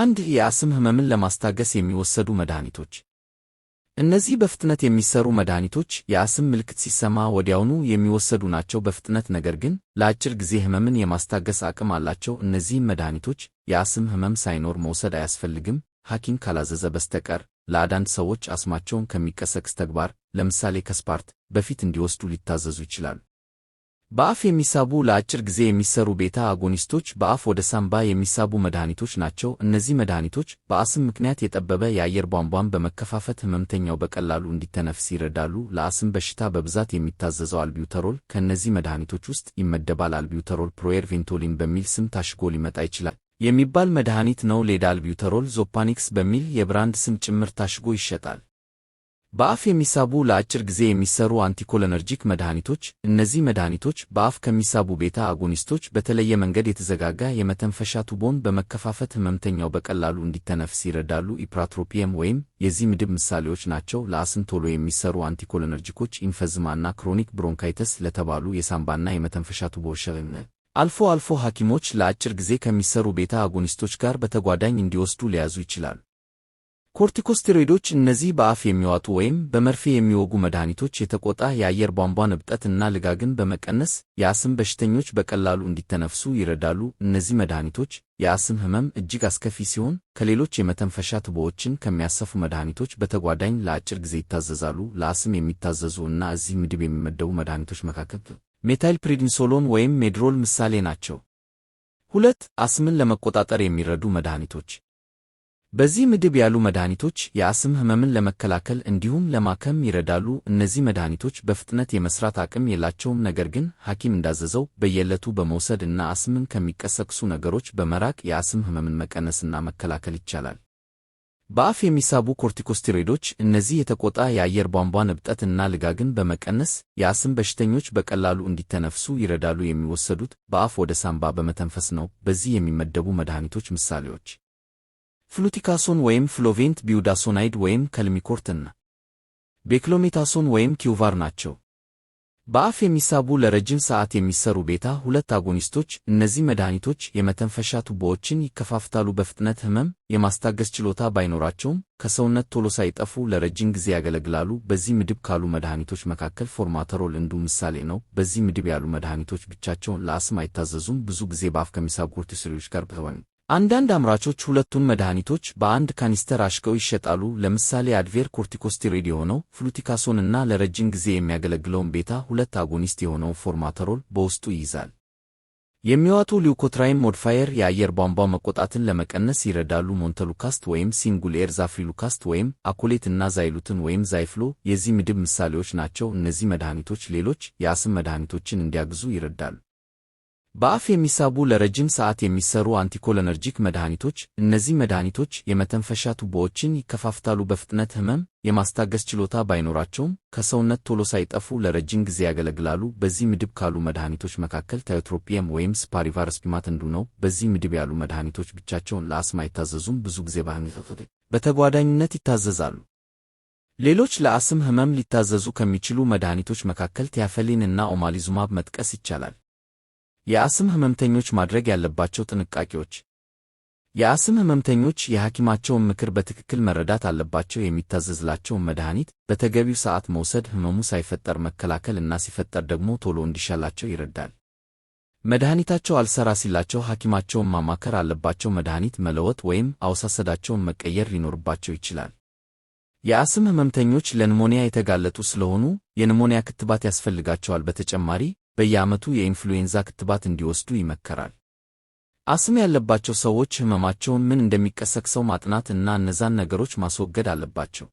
አንድ የአስም ህመምን ለማስታገስ የሚወሰዱ መድኃኒቶች። እነዚህ በፍጥነት የሚሰሩ መድኃኒቶች የአስም ምልክት ሲሰማ ወዲያውኑ የሚወሰዱ ናቸው፣ በፍጥነት ነገር ግን ለአጭር ጊዜ ህመምን የማስታገስ አቅም አላቸው። እነዚህም መድኃኒቶች የአስም ህመም ሳይኖር መውሰድ አያስፈልግም ሐኪም ካላዘዘ በስተቀር። ለአንዳንድ ሰዎች አስማቸውን ከሚቀሰቅስ ተግባር ለምሳሌ ከስፓርት በፊት እንዲወስዱ ሊታዘዙ ይችላሉ። በአፍ የሚሳቡ ለአጭር ጊዜ የሚሰሩ ቤታ አጎኒስቶች በአፍ ወደ ሳምባ የሚሳቡ መድኃኒቶች ናቸው። እነዚህ መድኃኒቶች በአስም ምክንያት የጠበበ የአየር ቧንቧን በመከፋፈት ህመምተኛው በቀላሉ እንዲተነፍስ ይረዳሉ። ለአስም በሽታ በብዛት የሚታዘዘው አልቢውተሮል ከእነዚህ መድኃኒቶች ውስጥ ይመደባል። አልቢውተሮል ፕሮየር ቬንቶሊን በሚል ስም ታሽጎ ሊመጣ ይችላል የሚባል መድኃኒት ነው። ሌዳ አልቢውተሮል ዞፓኒክስ በሚል የብራንድ ስም ጭምር ታሽጎ ይሸጣል። በአፍ የሚሳቡ ለአጭር ጊዜ የሚሰሩ አንቲኮለነርጂክ መድኃኒቶች። እነዚህ መድኃኒቶች በአፍ ከሚሳቡ ቤታ አጎኒስቶች በተለየ መንገድ የተዘጋጋ የመተንፈሻ ቱቦን በመከፋፈት ህመምተኛው በቀላሉ እንዲተነፍስ ይረዳሉ። ኢፕራትሮፒየም ወይም የዚህ ምድብ ምሳሌዎች ናቸው። ለአስም ቶሎ የሚሰሩ አንቲኮለነርጂኮች ኢንፈዝማና ክሮኒክ ብሮንካይተስ ለተባሉ የሳምባና የመተንፈሻ ቱቦዎች አልፎ አልፎ ሐኪሞች ለአጭር ጊዜ ከሚሰሩ ቤታ አጎኒስቶች ጋር በተጓዳኝ እንዲወስዱ ሊያዙ ይችላሉ። ኮርቲኮስቴሮይዶች እነዚህ በአፍ የሚዋጡ ወይም በመርፌ የሚወጉ መድኃኒቶች የተቆጣ የአየር ቧንቧ እብጠት እና ልጋግን በመቀነስ የአስም በሽተኞች በቀላሉ እንዲተነፍሱ ይረዳሉ። እነዚህ መድኃኒቶች የአስም ህመም እጅግ አስከፊ ሲሆን ከሌሎች የመተንፈሻ ትቦዎችን ከሚያሰፉ መድኃኒቶች በተጓዳኝ ለአጭር ጊዜ ይታዘዛሉ። ለአስም የሚታዘዙ እና እዚህ ምድብ የሚመደቡ መድኃኒቶች መካከል ሜታይል ፕሪድኒሶሎን ወይም ሜድሮል ምሳሌ ናቸው። ሁለት አስምን ለመቆጣጠር የሚረዱ መድኃኒቶች በዚህ ምድብ ያሉ መድኃኒቶች የአስም ህመምን ለመከላከል እንዲሁም ለማከም ይረዳሉ። እነዚህ መድኃኒቶች በፍጥነት የመስራት አቅም የላቸውም፣ ነገር ግን ሐኪም እንዳዘዘው በየዕለቱ በመውሰድ እና አስምን ከሚቀሰቅሱ ነገሮች በመራቅ የአስም ህመምን መቀነስና መከላከል ይቻላል። በአፍ የሚሳቡ ኮርቲኮስቴሮይዶች እነዚህ የተቆጣ የአየር ቧንቧ እብጠት እና ልጋግን በመቀነስ የአስም በሽተኞች በቀላሉ እንዲተነፍሱ ይረዳሉ። የሚወሰዱት በአፍ ወደ ሳንባ በመተንፈስ ነው። በዚህ የሚመደቡ መድኃኒቶች ምሳሌዎች ፍሉቲካሶን ወይም ፍሎቬንት ቢውዳሶናይድ ወይም ከልሚኮርትን፣ ቤክሎሜታሶን ወይም ኪውቫር ናቸው። በአፍ የሚሳቡ ለረጅም ሰዓት የሚሰሩ ቤታ ሁለት አጎኒስቶች። እነዚህ መድኃኒቶች የመተንፈሻ ቱቦዎችን ይከፋፍታሉ፣ በፍጥነት ህመም የማስታገስ ችሎታ ባይኖራቸውም ከሰውነት ቶሎ ሳይጠፉ ለረጅም ጊዜ ያገለግላሉ። በዚህ ምድብ ካሉ መድኃኒቶች መካከል ፎርማተሮል እንዱ ምሳሌ ነው። በዚህ ምድብ ያሉ መድኃኒቶች ብቻቸውን ለአስም አይታዘዙም፣ ብዙ ጊዜ በአፍ ከሚሳቡ ኮርቲሶኖች ጋር በተዋኙ አንዳንድ አምራቾች ሁለቱን መድኃኒቶች በአንድ ካኒስተር አሽገው ይሸጣሉ። ለምሳሌ አድቬር ኮርቲኮስቴሮይድ የሆነው ፍሉቲካሶን እና ለረጅም ጊዜ የሚያገለግለውን ቤታ ሁለት አጎኒስት የሆነው ፎርማተሮል በውስጡ ይይዛል። የሚዋጡ ሊውኮትራይን ሞድፋየር የአየር ቧንቧ መቆጣትን ለመቀነስ ይረዳሉ። ሞንተሉካስት ወይም ሲንጉል ኤር ዛፍሪሉካስት ወይም አኮሌት እና ዛይሉትን ወይም ዛይፍሎ የዚህ ምድብ ምሳሌዎች ናቸው። እነዚህ መድኃኒቶች ሌሎች የአስም መድኃኒቶችን እንዲያግዙ ይረዳሉ። በአፍ የሚሳቡ ለረጅም ሰዓት የሚሰሩ አንቲኮለነርጂክ መድኃኒቶች። እነዚህ መድኃኒቶች የመተንፈሻ ቱቦዎችን ይከፋፍታሉ፣ በፍጥነት ህመም የማስታገስ ችሎታ ባይኖራቸውም ከሰውነት ቶሎ ሳይጠፉ ለረጅም ጊዜ ያገለግላሉ። በዚህ ምድብ ካሉ መድኃኒቶች መካከል ታዮትሮፒየም ወይም ስፓሪቫርስፒማት አንዱ ነው። በዚህ ምድብ ያሉ መድኃኒቶች ብቻቸውን ለአስም አይታዘዙም፣ ብዙ ጊዜ በተጓዳኝነት ይታዘዛሉ። ሌሎች ለአስም ህመም ሊታዘዙ ከሚችሉ መድኃኒቶች መካከል ቲያፈሊን እና ኦማሊዙማብ መጥቀስ ይቻላል። የአስም ህመምተኞች ማድረግ ያለባቸው ጥንቃቄዎች የአስም ህመምተኞች የሐኪማቸውን ምክር በትክክል መረዳት አለባቸው። የሚታዘዝላቸውን መድኃኒት በተገቢው ሰዓት መውሰድ ህመሙ ሳይፈጠር መከላከል እና ሲፈጠር ደግሞ ቶሎ እንዲሻላቸው ይረዳል። መድኃኒታቸው አልሰራ ሲላቸው ሐኪማቸውን ማማከር አለባቸው። መድኃኒት መለወጥ ወይም አወሳሰዳቸውን መቀየር ሊኖርባቸው ይችላል። የአስም ህመምተኞች ለንሞኒያ የተጋለጡ ስለሆኑ የንሞኒያ ክትባት ያስፈልጋቸዋል። በተጨማሪ በየዓመቱ የኢንፍሉዌንዛ ክትባት እንዲወስዱ ይመከራል። አስም ያለባቸው ሰዎች ህመማቸውን ምን እንደሚቀሰቅሰው ማጥናት እና እነዛን ነገሮች ማስወገድ አለባቸው።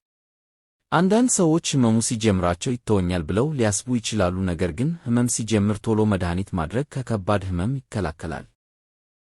አንዳንድ ሰዎች ህመሙ ሲጀምራቸው ይተወኛል ብለው ሊያስቡ ይችላሉ፣ ነገር ግን ህመም ሲጀምር ቶሎ መድኃኒት ማድረግ ከከባድ ህመም ይከላከላል።